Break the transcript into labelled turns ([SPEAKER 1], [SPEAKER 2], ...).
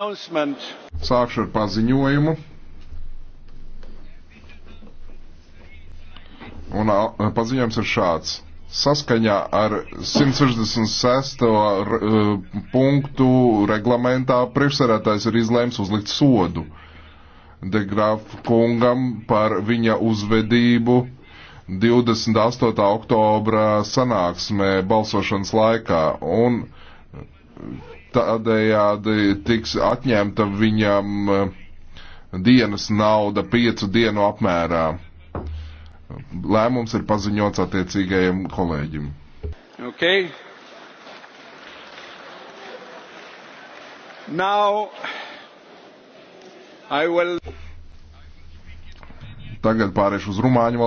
[SPEAKER 1] Sākšu ar paziņojumu. Un paziņojums ir šāds. Saskaņā ar 166. E, punktu reglamentā priekšsēdētājs ir izlēms uzlikt sodu de Graf kungam par viņa uzvedību 28. oktobra sanāksmē balsošanas laikā. Un tādējādi tiks atņemta viņam eh, dienas nauda piecu dienu apmērā. Lēmums ir paziņots attiecīgajam kolēģim. Okay. Now I will... Tagad pāriešu uz Rumāņu valodu.